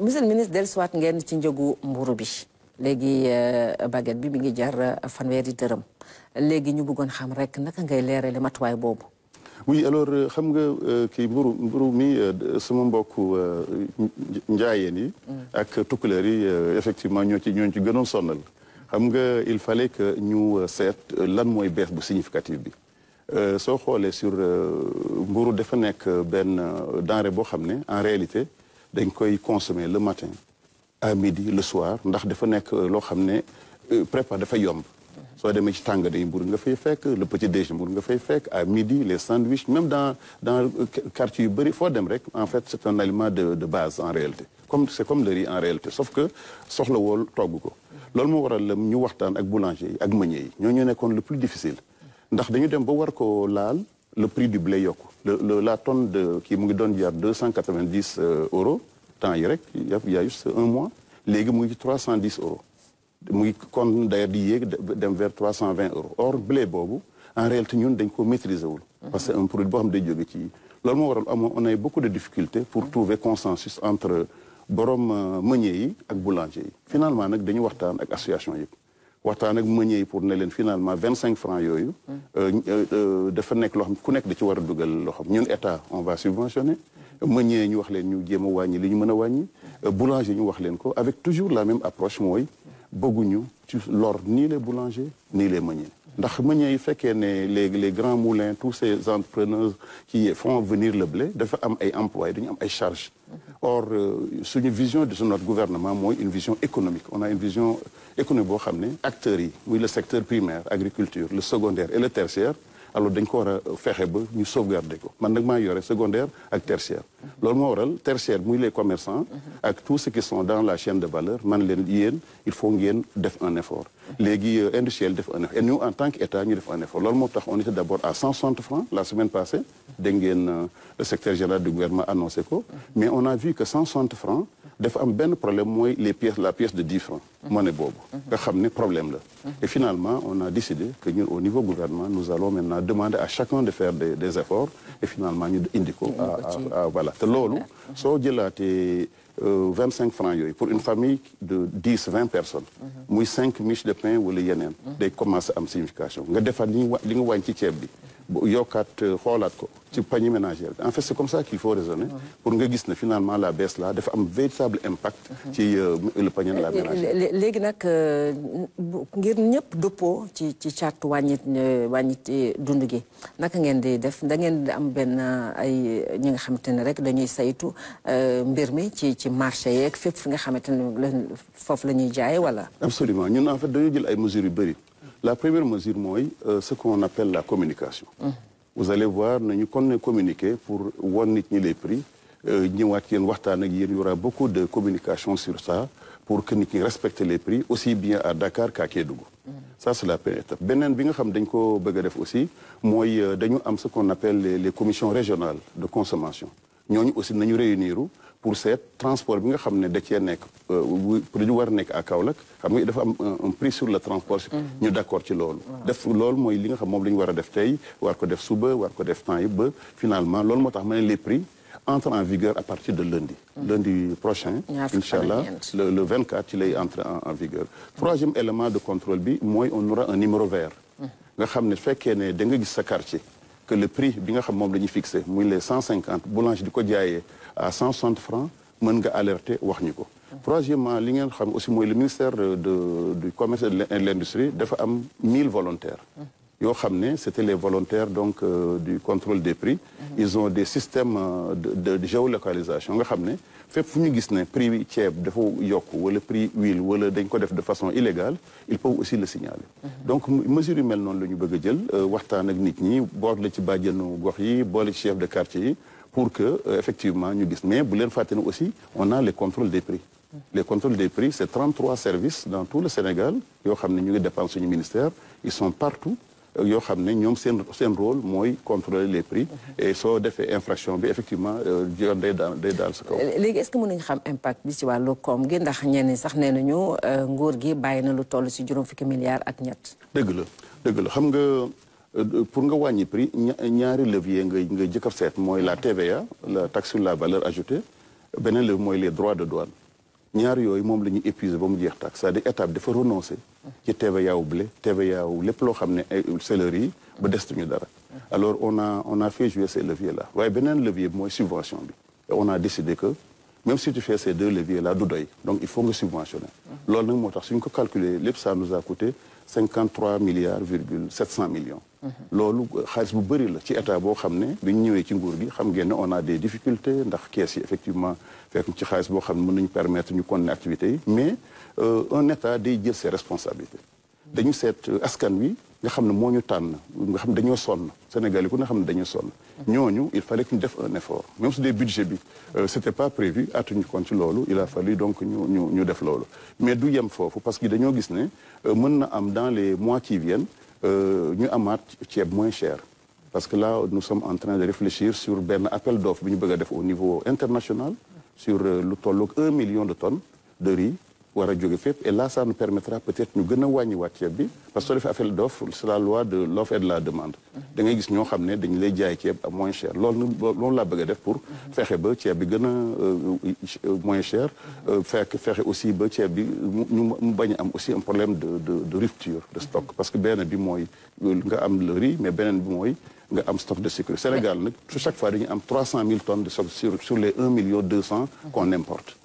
monsieur le ministre dellusiwaat ngeen ci njëgu mburu bi léegi euh, baguette bi mi ngi jar euh, fanweeri dërëm léegi ñu buggoon xam rek naka ngay leerale matuwaay boobu oui alors euh, xam nga kii mburu mburu mi sama mbokk njaayeen yi mm. ak tukkuleer yi effectivement ñoo ci ñooñ ci gënoon sonnal xam nga il fallait que ñu seet lan mooy bees bu significatif bi soo xoolee sur mburu dafa nekk benn denrée boo xam ne en réalité dañ koy consommer le matin à midi le soir ndax dafa nekk loo xam ne euh, prépa dafa yomb soo demee ci tàngada yi mburu nga fay fekk le petit déjeuner mburu nga fay fekk à midi les sandwichs même dans dans euh, quartier yu bëri foo dem rek en fait c'est un aliment de de base en réalité comme c'est comme le riz en réalité sauf que soxla wool togg ko loolu moo waral ñu waxtaan ak boulanger yi ak meunier yi ñoo ñu nekkoon le plus difficile ndax dañu dem ba war ko laal le prix du blé yokk le la tonne de kii mu ngi doon jaar deux cent quatre vingt dix euh, euros temps yi rek y a juste un mois léegi mu ngi trois cent mu ngi kon d'ailleurs di yéeg dem vers trois cent vingt euros or blé boobu en réalité ñun dañ ko maîtriser wul parce que un produit boo xam day jóge ci loolu moo waral amoon on a beaucoup de difficultés pour trouver consensus entre borom euh, meunier yi ak boulanger yi finalement nag dañu waxtaan ak association yëpp waxtaan ak meunier yi pour ne leen finalement vingt cinq francs yooyu euh, euh, euh, dafa nekk loo xam ku nekk da ci war a dugal loxoom ñun état on va subventionner meunier ñu wax leen ñu jéem a wàññi li ñu mën a wàññi boulanger ñu wax leen ko avec toujours la même approche mooy bëgguñu ci lor nii les boulangers nii les meuniers ndax meunier yi fekkee ne les les grands moulins tous ces entrepreneurs qui font venir le blé dafa am ay emplois dañu am ay charges or suñu vision de notre gouvernement mooy une économique on a économie boo xam ne acteurs yi muy le secteur primaire agriculture le secondaire et le tertiaire alors dañ ko war a fexe ba ñu sauvegarder ko man nag maa yore secondaire ak tertiaire loolu moo waral tertiaire muy les commerçants ak tous ceux qui sont dans la chaîne de valeur man leen yéen il faut ngeen def un effort léegi euh, industriel def un effort et nous en tant que état ñu def un effort loolu moo tax on était d'abord à 160 francs la semaine passée dégg ngeen euh, dafa am benn problème mooy les pièces la pièce de 10 francs mhm. ne boobu mhm. nga xam ne problème la mhm. et finalement on a décidé que ñun au niveau gouvernement nous allons maintenant demander à chacun de faire des, efforts et finalement ñu indi ko à voilà te loolu soo jëlaatee euh, vingt cinq francs yooyu pour une famille de dix vingt personnes muy cinq miches de pain wala yeneen day commencer am signification nga defar li ñu li nga wàññi ci ceeb bi yokkaat euh, xoolaat ko ci panier ménagère bi en fait c'est comme ça qu'il faut raisonner pour nga gis ne finalement la baisse là dafa am véritable impact mhm. ci euh, le panier de la ménagère euh, léegi nag ngir ñëpp dëppoo ci ci charte wàññi wàññi dund gi naka ngeen di def da ngeen di am benn ay ñi nga xamante ne rek dañuy saytu mbir mi ci ci marché yeeg fépp fi nga xamante ne foofu la ñuy jaayee wala absolument ñun en fait dañoo jël ay mesures yu bëri la première mesure mooy euh, ce qu'on appelle la communication mm. vous allez voir nañu kon ne communiquer pour won nit ñi les prix euh, ñëwaat yéen waxtaan ak yéen y aura beaucoup de communication sur ça pour que nit ñi respecte les prix aussi bien à Dakar qu'à Kédougou mm. ça c'est beneen bi nga xam dañ ko bëgg a def aussi mooy euh, dañu am ce qu'on appelle les commissions régionales de consommation ñooñu aussi nañu réuniru pour seet transport bi nga xam ne da cee nekk euh, pour ñu war nekk à Kaolack xam nga dafa am un prix sur le transport. Mm-hmm. ñu d' accord ci loolu. def loolu mooy li nga xam moom la ñu war a def tey war ko def suba war ko def temps yëpp ba finalement loolu moo tax ma ne les prix entrent en vigueur à partir de lundi. Mm-hmm. lundi prochain. incha allah le le 24 ci lay entre en vigueur. Mm-hmm. troisième élément de contrôle bi mooy on aura un numéro vert. nga xam ne fekkee ne da nga gis sa que le prix bi nga xam moom la ñu fixé muy les 150 boulange di ko jaayee à 160 francs mën nga alerter wax ñu ko. troisièmement li ngeen xam aussi mooy le ministère de du commerce et de l'industrie dafa am mille volontaires. yoo xam ne c'était les volontaire donc euh, du contrôle des prix mhm. ils ont des systèmes euh, de de géolocalisation nga xam ne fépp fu ñu gis ne prix ceeb dafa yokk wala prix huile wala dañ ko def de façon illégale il peuvent aussi le signaler mhm. donc mesure yu mel noonu la ñu bëgg a jël euh, waxtaan ak nit ñi boot la ci bàjjenu gox yi boole ci chef de quartier yi pour que effectivement ñu gis mais bu leen fàtte ne aussi on a les contrôles des prix mhm. les contrôles des prix c'est 33 services dans tout le Sénégal yoo xam ne ñu ngi dépendre suñu ministère ils partout yoo xam ne ñoom seen seen rôle mooy contrôler les prix. Mhm. et soo defee infraction bi effectivement euh, yoon day daal day daal sa kaw. Euh, léegi est-ce que mën nañu xam impact bi ci wàllu koom gi ndax ñenn sax nee nañu euh, nguur gi bàyyi na lu toll si juróom fukki milliards ak ñett. dëgg la dëgg la xam nga pour nga wàññi prix ñaari levier nga nga jëkk seet mooy la TVA la taxe la valeur ajoutée beneen levier mooy les droits de douane. ñaar yooyu moom la ñuy épuiser ba mu jeex tax c'est-à-dire état bi dafa renoncer ci TVA wu blé TVA lépp loo xam ne ay céleri yi ba destuñu dara alors on a on a fait jouer ces leviers là waaye beneen levier bi mooy subvention bi on a décidé que même si tu fais ces deux leviers là du doy donc il faut nga subventionner loolu nag moo tax suñ ko calculer lépp ça nous a coûté cinquante trois milliards cent millions loolu euh, xaalis bu bëri la ci état boo xam ne bi ñu ñëwee ci nguur gi xam ngeen ne on a des difficultés ndax kees yi effectivement fekk ci xaalis boo xam ne mën nañu permettre ñu continuer activités yi mais euh, un état day jël ses responsabilité dañu seet askan wi nga xam ne moo ñu tànn nga xam ne dañoo sonn Sénégal yi ku ne xam ne dañoo sonn ñooñu il fallait que ñu def un effort même su dee budget bi euh, c'était pas prévu atuñu kon ci loolu il a fallu donc ñu ñu ñu def loolu mais du yem foofu parce que dañoo gis ne euh, mën na am dans les mois qui viennent euh, ñu amaat ceeb moins cher parce que là nous sommes en train de réfléchir sur benn appel d'offres bi ñu bëgg a def au niveau international sur lu tolloog un million de tonnes de riz war a jóge fépp et là ça nous permettra peut-être ñu gën a wàññiwaat bi parce que soo defee appel la loi de l'offre et de la demande da gis ñoo xam ne dañu lay jaay ceeb à moins cher loolu loolu laa bëgg pour fexe ba ceeb bi gën a euh, euh, moins cher euh, fekk fexe aussi ba ceeb bi ñu mu bañ am aussi un problème de de rupture de stock parce que benn bi mooy nga am le riz mais beneen bi mooy nga am stock de sucre Sénégal nag chaque fois dañu am 300 000 tonnes de sucre sur les 1 million 200 qu'on importe